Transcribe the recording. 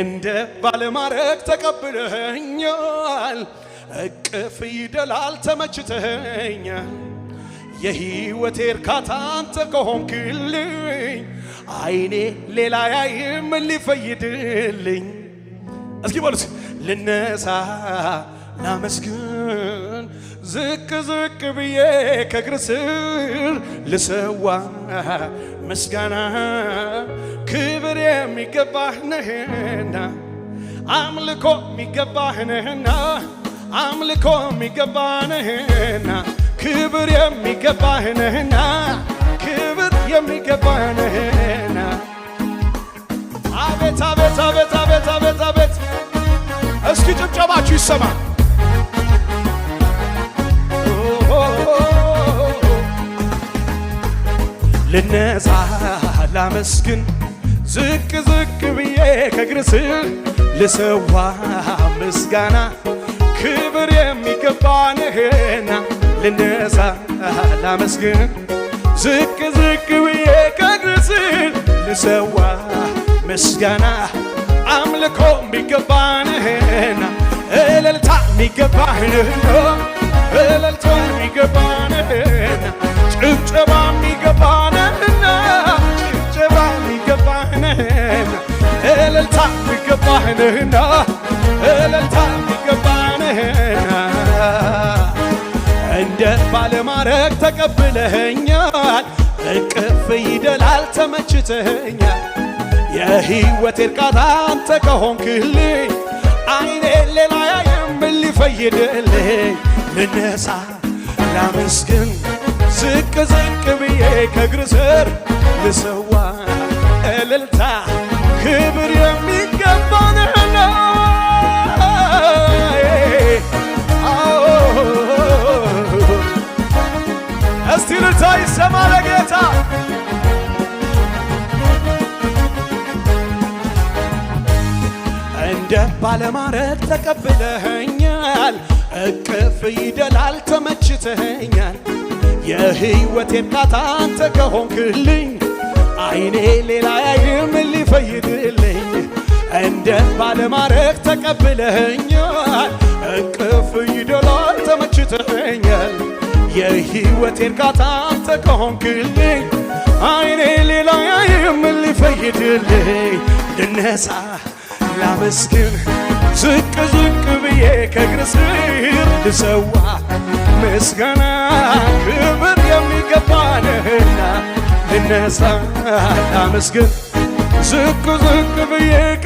እንደ ባለማረግ ተቀብለኸኛል። እቅፍ ይደላል ተመችተኸኛል። የሕይወቴ እርካታ አንተ ከሆንክልኝ አይኔ ሌላ ያይም ሊፈይድልኝ። እስኪ በሉት ልነሳ ላመስግን ዝቅ ዝቅ ብዬ ከእግር ስር ልሰዋ ምስጋና የሚገባህ ነህና አምልኮ የሚገባህ ነህና አምልኮ የሚገባህ ነህና ክብር የሚገባህ ነህና ክብር የሚገባህ ነህና አቤት አቤት አቤት አቤት አቤት አቤት እስኪ ጭብጨባችሁ ይሰማ። ልነጻ ላመስግን ዝቅ ዝቅ ብዬ ከእግር ልሰዋ ምስጋና ክብር የሚገባንህና ልነሳ ላመስግን ዝቅ ዝቅ ብዬ ከእግር ስር ልሰዋ ምስጋና አምልኮ የሚገባንህና እልልታ የሚገባህን እልልታ የሚገባንህና ጭብጨባ እልልታ የሚገባህ ነህና እልልታ የሚገባህ ነህና እንደ ባለማረግ ተቀብለኸኛል እቅፍ ይደላል ተመችተኸኛል የሕይወቴ እርካታ አንተ ከሆንክልኝ አይኔ ሌላ ያየም ሊፈይድልኝ ልነሳ ላመስግን ዝቅ ዝቅ ብዬ ከእግር ስር ልሰዋ እልልታ ክብር የሚገባን እስቲ ልታ ይሰማ ለጌታ እንደ ባለማረግ ተቀብለኸኛል፣ እቅፍ ይደላል ተመችተኸኛል። የህይወቴ እናት አንተ ከሆንክልኝ አይኔ ሌላ ባለማረግ ተቀብለኛል። እንቅፍ ይደላል ተመችተኸኛል። የህይወቴ እርካታ አንተ ከሆንክልኝ አይኔ ሌላ ያይም ሊፈይድልኝ ልነሳ ላመስግን ዝቅ ዝቅ ብዬ ከእግር ስር ልሰዋ ምስጋና ክብር የሚገባንህና ልነሳ ላመስግን ዝቅ ዝቅ ብዬ